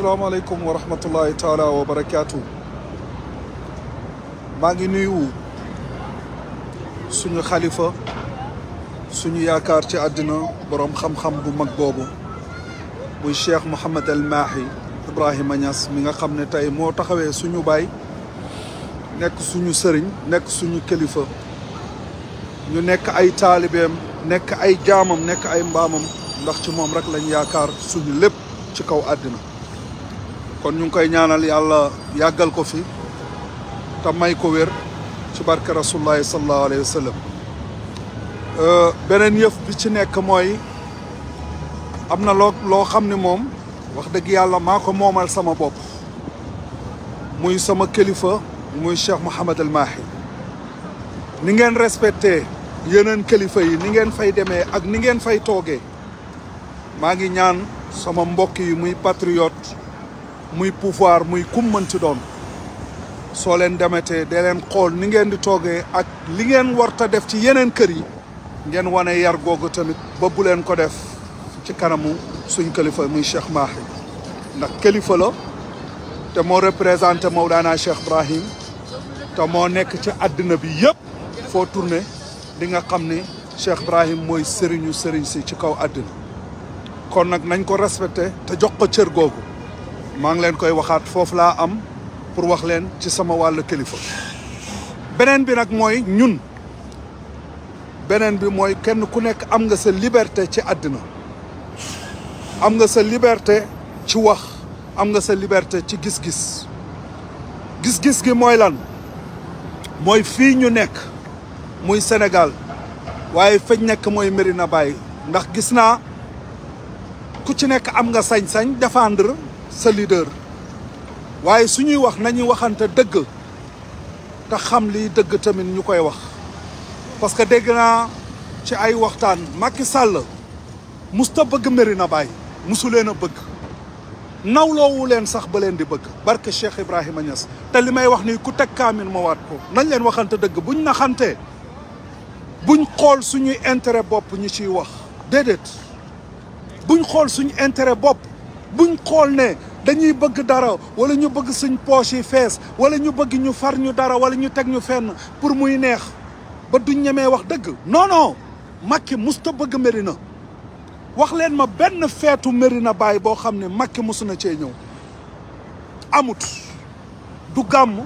assalaamu aleykum wa rahmatullahi taala wa barakaatu maa ngi nuyu suñu xalifa suñu yaakaar ci àddina boroom xam-xam bu mag boobu muy cheikh Mouhamed El Mahi Ibrahima Niass mi nga xam ne tey moo taxawee suñu baay nekk suñu sëriñ nekk suñu kilifa ñu nekk ay taalibeem nekk ay jaamam nekk ay mbaamam ndax ci moom rek lañ yaakaar suñu lépp ci kaw àddina kon ñu ngi koy ñaanal yàlla yàggal ko fi te may ko wér ci barke rasulullahi sallallahu alayhi wa euh, beneen yëf bi ci nekk mooy am na loo loo xam ni moom wax dëgg yàlla maa ko moomal sama bopp muy sama kilifa muy Cheikh Mouhamad El Mahi ni ngeen respecté yeneen kilifa yi ni ngeen fay demee ak ni ngeen fay toogee maa ngi ñaan sama mbokk yi muy patriote muy pouvoir muy kum mën ci doon soo leen demetee dee leen xool ni ngeen di toogee ak li ngeen warta def ci yeneen kër yi ngeen wane yar googu tamit ba bu leen ko def ci kanamu suñ kilifa muy Cheikh Mahi ndax kilifa la te moo représenté Mawlana Cheikh Ibrahim te moo nekk ci àddina bi yëpp foo tourné di nga xam ne Cheikh Ibrahim mooy sëriñu sëriñ si ci kaw àddina kon nag nañ ko respecté te jox ko cër googu maa ngi leen koy waxaat foofu laa am pour wax leen ci sama wàll kilifa beneen bi nag mooy ñun beneen bi mooy kenn ku nekk am nga sa liberté ci àddina am nga sa liberté ci wax am nga sa liberté ci gis-gis gis-gis gi mooy lan mooy fii ñu nekk muy Sénégal waaye fañ nekk mooy na bàyyi ndax gis naa ku ci nekk am nga sañ-sañ défendre sa leader waaye su ñuy wax nañuy waxante dëgg te xam lii dëgg tamit ñu koy wax parce que dégg naa ci ay waxtaan Macky Sall musta bëgg na Baye musu leen a bëgg nawloowu leen sax ba leen di bëgg barke Cheikh Ibrahima Niass te li may wax nii ku teg kaamin ma waat ko nañ leen waxante dëgg buñ naxantee buñ xool suñuy intérêt bopp ñu ciy wax déedéet buñ xool suñu intérêt bopp buñ xool ne dañuy bëgg dara wala ñu bëgg suñ poche fees wala ñu bëgg ñu far ñu dara wala ñu teg ñu fenn pour muy neex ba du ñemee wax dëgg non non Macky musta bëgg Médina wax leen ma benn feetu Médina baay boo xam ne Macky musu na cee ñëw amut du gàmm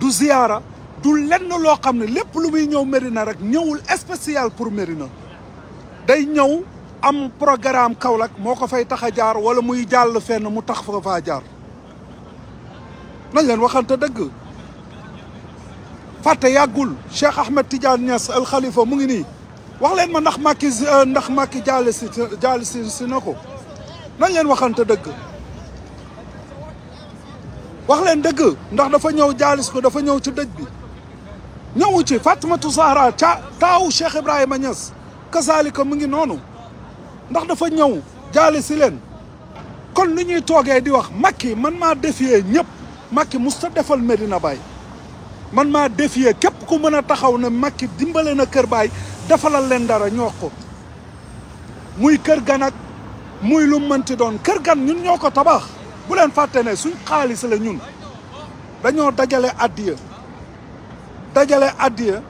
du ziyaara du lenn loo xam ne lépp lu muy ñëw Médina rek ñëwul spécial pour Médina day ñëw am programme Kaolack moo ko fay tax a jaar wala muy jàll fenn mu tax fa faa jaar nañ leen waxante dëgg fàtte yàggul Cheikh Ahmed Tidiane Niass al mu ngi nii wax leen ma ndax Macky euh, ndax Macky jaale si jaale si na ko nañ leen waxante dëgg wax leen dëgg ndax dafa ñëw jaalis ko dafa ñëw ci dëj bi ñëwu ci Fatimatu Zahra ca taawu Cheikh Ibrahima Niass kazalika mu ngi noonu ndax dafa ñëw jaale si leen kon lu ñuy toogee di wax makki man maa défier ñëpp Macky musta defal Medina Baye man maa défier képp ku mën a taxaw ne Macky dimbale na Kër baay defalal leen dara ñoo ko muy kër gan ak muy lu mënti doon kër gan ñun ñoo ko tabax bu leen fàtte ne suñ xaalis la ñun dañoo dajale addiya dajale addiya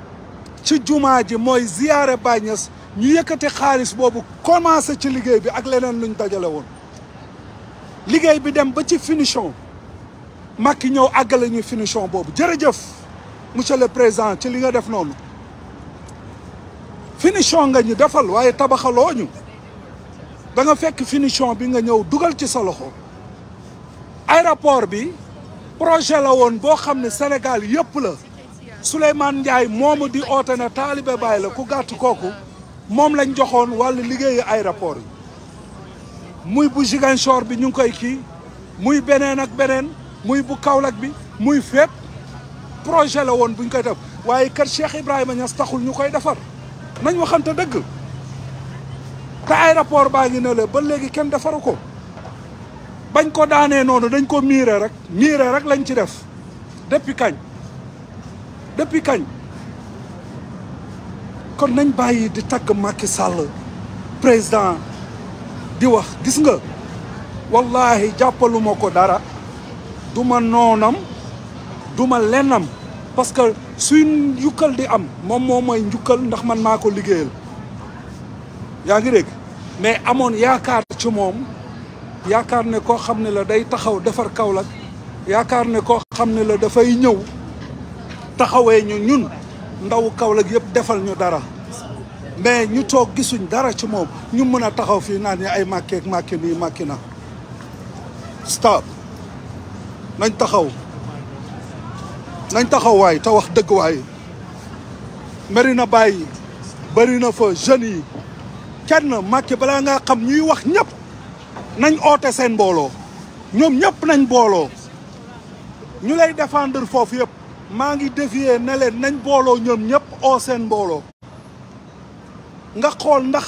ci jumaa ji mooy ziyaare Baye ñu yëkkati xaalis boobu commencé ci liggéey bi ak leneen luñ dajale woon liggéey bi dem ba ci finition Macky ñëw àggale ñu finition boobu jërëjëf monsieur le président ci li nga def noonu finition nga ñu defal waaye tabaxaloo ñu da fekk finition bi nga ñëw dugal ci sa loxo aéroport bi projet la woon boo xam ne Sénégal yëpp la Souleymane Ndiaye moomu di oote ne taalibe bàyyi la ku gàtt kooku moom lañ joxoon wàllu liggéeyu aéroport yi muy bu Ziguinchor bi ñu ngi koy kii muy beneen ak beneen muy bu Kaolack bi muy fépp projet la woon buñ koy def waaye kër Cheikh Ibrahima Niass taxul ñu koy defar nañ waxante dëgg te aéroport baa ngi ne la ba léegi kenn defaru ko bañ ko daanee noonu dañ ko miire rek miire rek lañ ci def depuis kañ depuis kañ kon nañ bàyyi di takk Macky Sall président di wax gis nga wallahi jàppaluma ko dara duma ma noonam du lenam lennam parce que suy yukkal di am moom moo may njukkal ndax man maa ko liggéeyal yaa ngi dégg mais amoon yaakaar ci moom yaakaar ne koo xam ne la day taxaw defar Kaolack yaakaar ne koo xam ne la dafay ñëw taxawee ñu ñun ndaw Kaolack yëpp defal ñu dara mais ñu toog gisuñ dara ci moom ñu mën a taxaw fii naan ñi ay màkkeeg màkki nii màkki na stop nañ taxaw nañ taxaw waay te wax dëgg waay Médina bàyyi bëri na fa jeunes yi kenn màkki balaa ngaa xam ñuy wax ñëpp nañ oote seen mbooloo ñoom ñëpp nañ booloo ñu lay défendre foofu yëpp maa ngi défier ne leen nañ booloo ñoom ñëpp o seen mbooloo nga xool ndax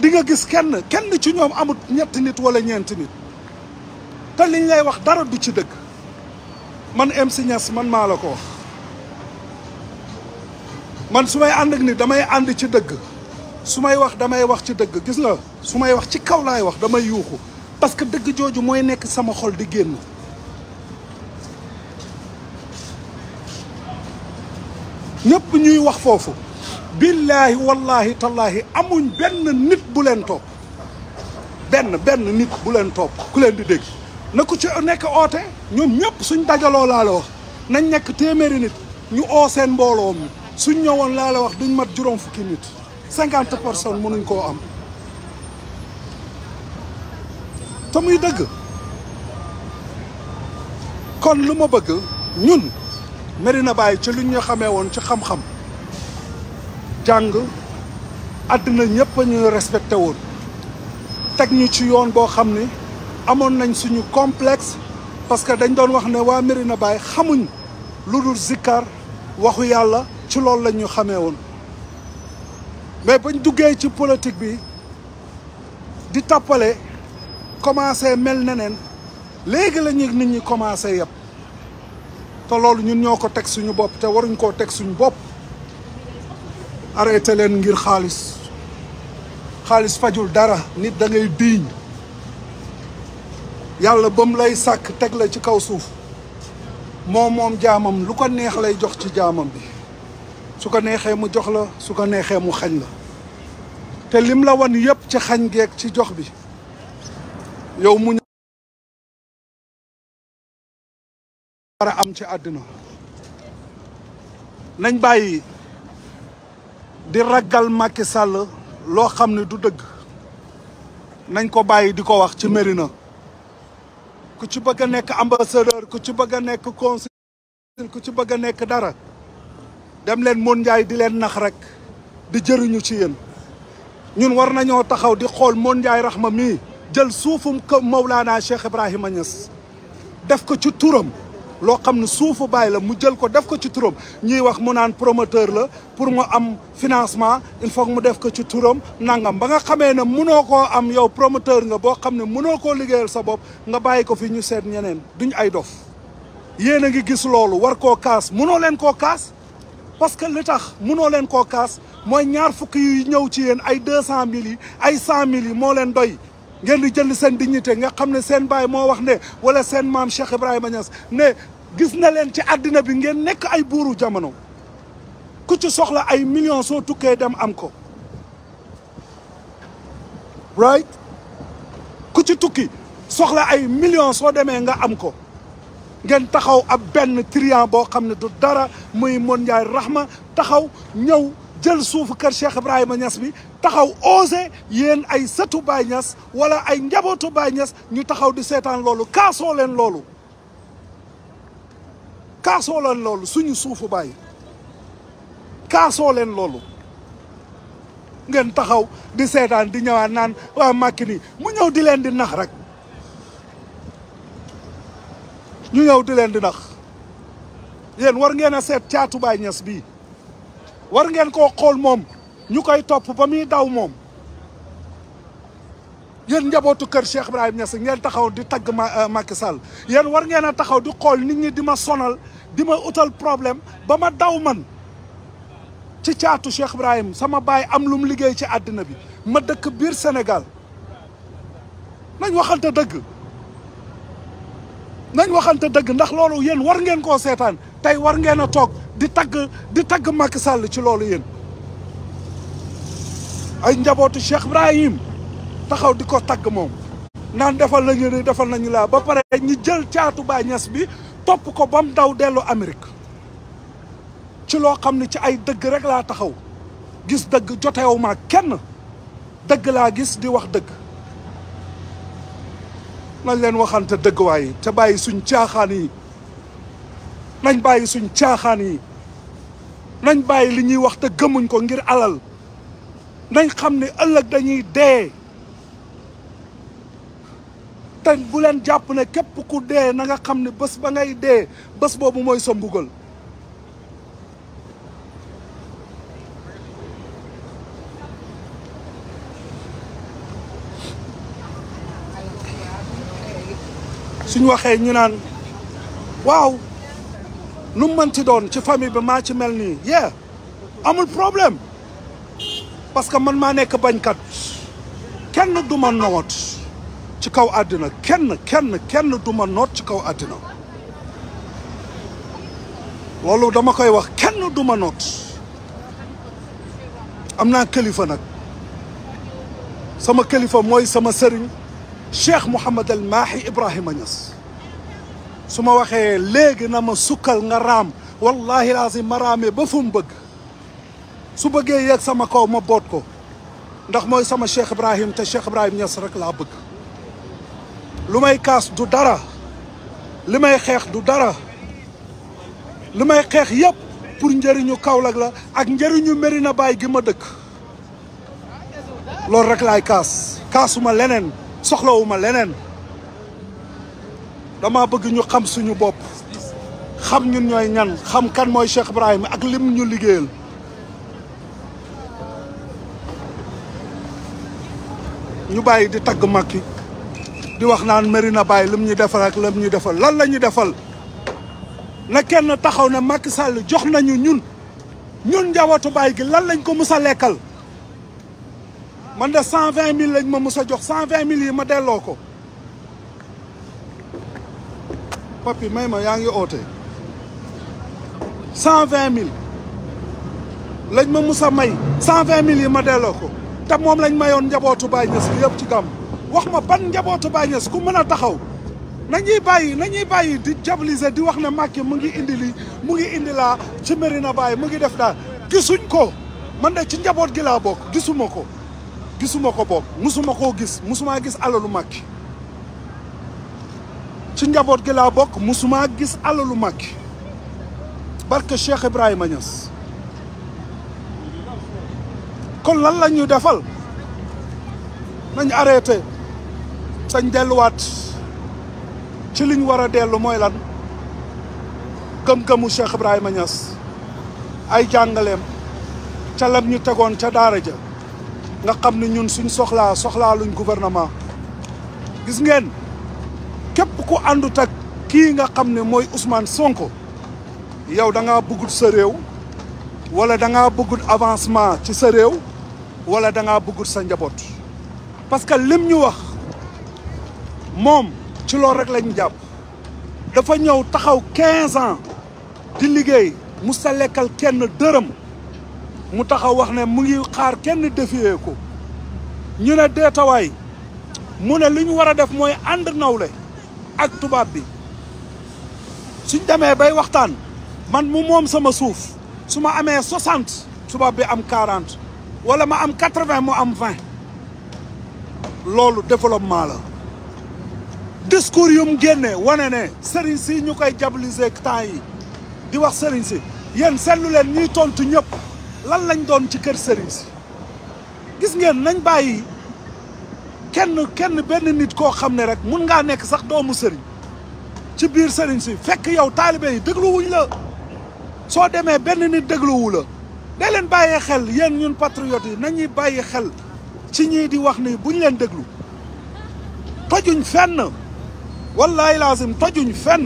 di nga gis kenn kenn ci ñoom amut ñetti nit wala ñeenti nit te liñ lay wax dara du ci dëgg man MC man maa la ko wax man su may ànd ak damay ànd ci dëgg su may wax damay wax ci dëgg gis nga su may wax ci kaw laay wax damay yuuxu parce que dëgg jooju mooy nekk sama xol di génn ñëpp ñuy wax foofu billaahi wallaahi tallaahi amuñ benn nit bu leen topp benn benn nit bu leen topp ku leen di dégg na ku ci nekk oote ñoom ñëpp suñ dajaloo laa la wax nañ nekk téeméeri nit ñu oo seen mbooloo suñ ñëwoon laa wax duñ mat juróom fukki nit cinquante personnes mënuñ koo am te muy dëgg kon lu ma bëgg ñun Medina Baye ci lu ñu xamee woon ci xam-xam jàng àddina ñëpp a ñu respecté woon teg ñu ci yoon boo xam ne amoon nañ suñu complex parce que dañ doon wax ne waa na Baye xamuñ lu dul zikkar waxu yàlla ci loolu la ñu xamee woon mais bañ duggee ci politique bi di tappale commencé mel neneen léegi la nit ñi commencé yëpp te loolu ñun ñoo ko teg suñu bopp te waruñ koo teg suñu bopp arrêté leen ngir xaalis xaalis fajul dara nit dangay ngay diiñ yàlla ba mu lay sàkk teg la ci kaw suuf moom moom jaamam lu ko neex lay jox ci jaamam bi su ko neexee mu jox la su ko neexee mu xañ la te lim la wan yépp ci xañ geek ci jox bi yow mu war am ci àddina nañ bàyyi di ragal Macky sàll loo xam ne du dëgg nañ ko bàyyi di ko wax ci Mérina ku ci bëgg a nekk ambassadeur ku ci bëgg a nekk consul ku ci bëgg a nekk dara dem leen mën njaay di leen nax rek di jëriñu ci yéen ñun war nañoo taxaw di xool mën njaay raxma mii jël suufum kër Mawlaana Cheikh Ibrahima Niass def ko ci turam loo xam ne suufu bàyyi la mu jël ko def ko ci turam ñuy wax mu naan promoteur la pour mu am financement il faut mu def ko ci turam nangam ba nga xamee ne munoo ko am yow promoteur nga boo xam ne mënoo koo liggéeyal sa bopp nga bàyyi ko fi ñu seet ñeneen duñ ay dof yéen a ngi gis loolu war koo kaas munoo leen koo kaas parce que li tax munoo leen koo kaas mooy ñaar fukki yu ñëw ci yéen ay deux cent mille yi ay cent mille yi moo leen doy ngeen di jënd seen dignité nga xam ne seen baay moo wax ne wala seen maam Cheikh Ibrahima Niass ne gis na leen ci addina bi ngeen nekk ay buuru jamono ku ci soxla ay millions soo tukkee dem am ko right ku ci tukki soxla ay millions soo demee nga am ko ngeen taxaw ab benn triant boo xam ne du dara muy mon njaay rahma taxaw ñëw jël suufu kër Cheikh Ibrahima Niass bi taxaw osé yéen ay setu baañas Niass wala ay njabootu baañas ñu taxaw di seetaan loolu kaasoo leen loolu kaasoo leen loolu suñu suufu baay kaasoo leen loolu ngeen taxaw di seetaan di ñëwaat naan waa màkk nii mu ñëw di leen di nax rek ñu ñëw di leen di nax yéen war ngeen a seet caatu Baye Niass bii war ngeen koo xool moom ñu koy topp ba muy daw moom yéen njabootu kër Cheikh Ibrahim Niass ngeen taxaw di tagg euh, Macky Sall yéen war ngeen a taxaw di xool nit ñi di ma sonal di ma utal problème ba ma daw man ci caatu Cheikh Ibrahim sama baay am lu mu liggéey ci àddina bi ma dëkk biir Sénégal nañ waxante dëgg nañ waxante dëgg ndax loolu yéen war ngeen koo seetaan tey war ngeen a toog di tagg di tagg Macky Sall ci loolu yéen ay njabootu Cheikh Ibrahim taxaw di ko tagg moom naan defal nañu ni defal nañu laa ba pare ñu jël caatu Baay bi topp ko ba mu daw dellu Amérique ci loo xam ne ci ay dëgg rekk laa taxaw gis dëgg jotewumaa kenn dëgg laa gis di wax dëgg nañ leen waxante dëgg waaye te bàyyi suñ caaxaan yi nañ bàyyi suñ caaxaan yi nañ bàyyi li ñuy wax te gëmuñ ko ngir alal nañ xam ne ëllëg dañuy dee te buleen jàpp ne képp ku dee nanga xam ne bés ba ngay dee bés boobu mooy sa mbugal suñ waxee ñu naan waaw lu mu mënti doon ci famille bi maa ci mel nii yeah amul problème parce que man maa nekk bañkat kenn du ma noot ci kaw àddina kenn kenn kenn ma noot ci kaw àddina loolu dama koy wax kenn du ma noot am naa kilifa nag sama kilifa mooy sama sëriñ Cheikh Mouhamed El Mahi Ibrahima Niass su ma waxee léegi na ma sukkal nga raam wallahi lazim ma raamee ba fu mu bëgg su bëggee yeeg sama kaw ma boot ko ndax mooy sama Cheikh Ibrahim te Cheikh Ibrahim Niass rek laa bëgg lu may kaas du dara li may xeex du dara li may xeex yëpp pour njëriñu Kaolack la ak njëriñu na Baye gi ma dëkk loolu rek laay kaas kaasuma leneen soxlawuma leneen dama bëgg ñu xam suñu bopp xam ñun ñooy ñan xam kan mooy Cheikh Ibrahim ak lim ñu liggéeyal ñu bàyyi di tagg Macky di wax naan Médina Baye lim ñu defal ak lim ñu defal lan la ñu defal na kenn taxaw ne Macky Sall jox nañu ñun ñun njabootu Baye gi lan lañ ko mus a lekkal man de cent vingt mille lañ ma mus a jox cent vingt ma delloo ko papi may ma yaa ngi oote cent vingt mille lañ ma mus a may cent vingt mille yi ma delloo ko te moom lañ mayoon njabootu Baye Niass yëpp ci gàmm wax ma ban njabootu Baye Niass ku mën a taxaw nañuy bàyyi nañuy bàyyi di diaboliser di wax ne Macky mu ngi indi lii mu ngi indi laa ci na Baye mu ngi def daal gisuñ ko man de ci njaboot gi laa bokk gisuma ko gisuma ko bokk mësuma koo gis mësumaa gis alalu Macky ci njaboot gi laa bokk mësumaa gis alalu Macky barke Cheikh Ibrahima Niass kon lan la ñu defal nañ arrêté sañ delluwaat ci liñ war a dellu mooy lan gëm-gëmu Cheikh Ibrahima Niass ay jàngaleem ca lam ñu tegoon ca daara ja nga xam ne ñun suñ soxlaa soxlaa luñ gouvernement gis ngeen képp ku àndut ak kii nga xam ne mooy Ousmane Sonko yow danga ngaa sa réew wala da ngaa bëggul avancement ci sa réew wala da ngaa sa njaboot parce que lim ñu wax moom ci loolu rek lañu jàpp dafa ñëw taxaw 15 ans di liggéey mu sa lekkal kenn dërëm mu taxaw wax ne mu ngi xaar kenn defiyee ko ñu ne deetawaay mu ne li ñu war a def mooy ànd nawle ak tubaab bi suñ demee bay waxtaan man mu moom sama suuf su ma amee 60 tubaab bi am 40 wala ma am quatre-vingt mu am vingt loolu développement la discours yu mu génne wane ne sëriñ si ñu koy diaboliser temps yi di wax sëriñ si yéen seetlu leen ñuy tontu ñëpp lan lañ doon ci kër sëriñ si gis ngeen nañ bàyyi kenn kenn benn nit koo xam ne rek mun ngaa nekk sax doomu sëriñ ci biir sëriñ si fekk yow taalibe yi dégluwuñ la soo demee benn nit dégluwu la da leen bàyyi xel yéen ñun patriotes yi nañuy bàyyi xel ci ñii di wax ni buñ leen déglu tojuñ fenn wallaay laasim tojuñ fenn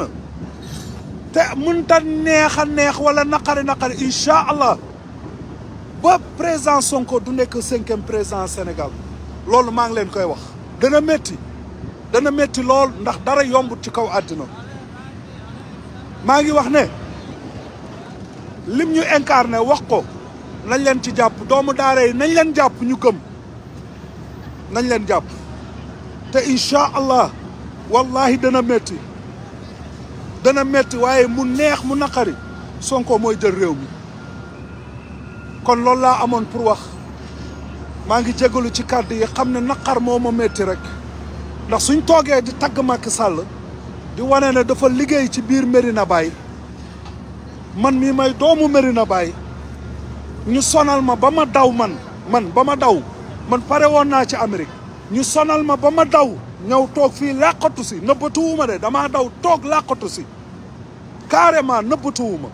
te mënta neex a neex wala naqari naqari incha allah ba présent Sonko du nekk cinquième président Sénégal loolu maa ngi leen koy wax. dana métti dana métti lool ndax dara yomb ci kaw àddina maa ngi wax ne lim ñu incarné wax ko. nañ leen ci jàpp doomu daara yi nañ leen jàpp ñu gëm nañ leen jàpp te incha allah wallahi dana metti dana metti waaye mu neex mu naqari sonko mooy jël réew mi kon loolu laa amoon pour wax maa ngi jégalu ci kàddu yi xam ne naqar moo ma metti rek ndax suñ toogee di tagg Macky sàll di wane ne dafa liggéey ci biir Médina Baye man mii may doomu Médina baay ñu sonal ma ba ma daw man man ba ma daw man pare woon naa ci Amérique ñu sonal ma ba ma daw ñëw toog fii làqatu si nëbbatuwuma de damaa daw toog làqatu si carrément nëbbatuwuma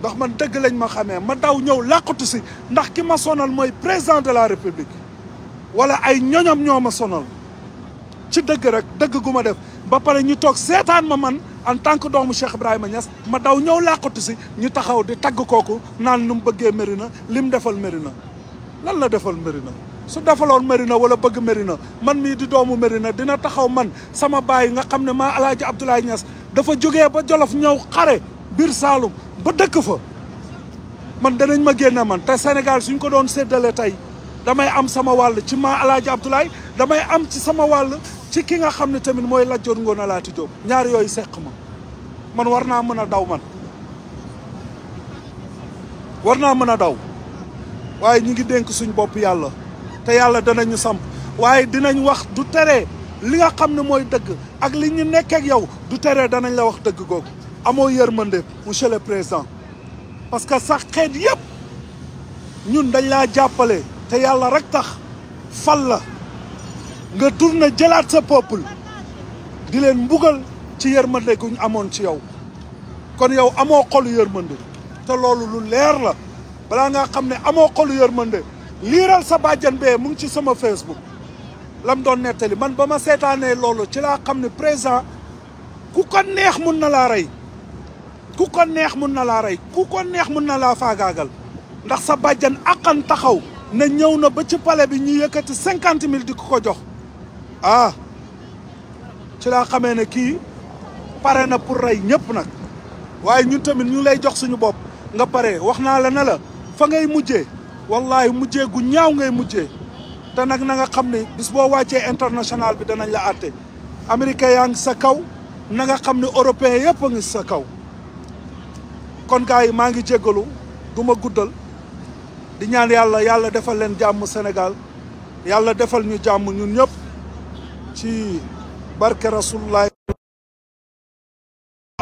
ndox man dëgg lañ ma xamee ma daw ñëw làqatu si ndax ki ma sonal mooy président de la république wala ay ñoñom ñoo ma sonal ci dëgg rek dëgg gu ma def ba pare ñu toog seetaan ma man en tant que doomu Cheikh Ibrahima Niass ma daw ñëw làqatu si ñu taxaw di tagg kooku naan nu mu bëggee Mérina li mu defal Mérina lan la defal Mérina su defaloon Mérina wala bëgg Mérina man mii di doomu Mérina dina taxaw man sama baay nga xam ne maa Alaaji Abdoulaye Niass dafa jógee ba Jolof ñëw xare biir Saalum ba dëkk fa man danañ ma génne man te Sénégal suñ ko doon séddale tey damay am sama wàll ci maa Alaaji Abdoulaye damay am ci sama wàll ci ki nga xam ne tamit mooy Lat Joor Ngoone Laati Jóob ñaar yooyu seq ma man war naa mën a daw man war naa mën a daw waaye ñu ngi dénk suñu bopp yàlla te yàlla danañu samp waaye dinañ wax du tere li nga xam ne mooy dëgg ak li ñu nekkeek yow du tere danañ la wax dëgg googu amoo yërmande monsieur le président parce que sax xeet yëpp ñun dañ laa jàppale te yàlla rek tax fal la nga tourné jëlaat sa peuple di leen mbugal ci yërmande guñ amoon ci yow kon yow amoo xolu yërmande te loolu lu leer la balaa nga xam ne amoo xolu yërmande liiral sa bàjjan bee mu ngi ci sama Facebook lam doon nettali man ba ma seetaanee loolu ci laa xam ne président ku ko neex mun na laa rey ku ko neex mun na laa rey ku ko neex mun na laa faagaagal ndax sa bàjjan aqan taxaw na ñëw na ba ci palais bi ñu yëkkati cinquante mille di ko ko jox ah ci laa xamee ne kii pare na pour rey ñëpp nag waaye ñun tamit ñu lay jox suñu bopp nga pare wax naa la ne la fa ngay mujje wallahi mujjee gu ñaaw ngay mujje te nag na nga xam ne bis boo wàccee international bi danañ la àtte américain yaa ngi sa kaw na nga xam ne européen yëpp a ngi sa kaw kon gars yi maa ngi jéggalu du ma guddal di ñaan yàlla yàlla defal leen jàmm Sénégal yàlla defal ñu jàmm ñun ñëpp ci barke rasulullah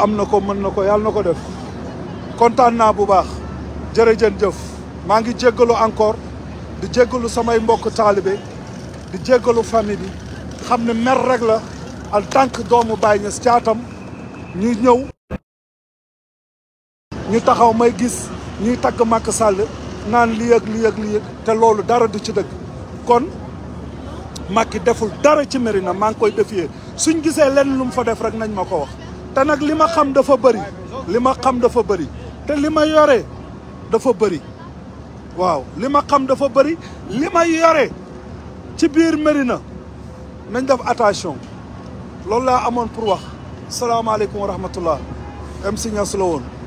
am na ko mën na ko yàlla na ko def kontaan naa bu baax jërëjën jëf maa ngi jéggalu encore di jéggalu samay mbokk taalibe di jéggalu famille bi xam ne mer rek la en tant que doomu Baay Ñas caatam ñu ñëw ñu taxaw may gis ñuy tagg Macky sàll naan li yëg li yëg li yëg te loolu dara di ci dëgg kon Macky deful dara ci Médina maa ngi koy défier suñ gisee lenn lu mu fa def rek nañ ma ko wax te nag li ma xam dafa bëri li ma xam dafa bëri te li ma yore dafa bëri waaw li ma xam dafa bëri li may yore ci biir Médina nañ def attention loolu laa amoon pour wax salaamaaleykum wa rahmatullah MC Niass la woon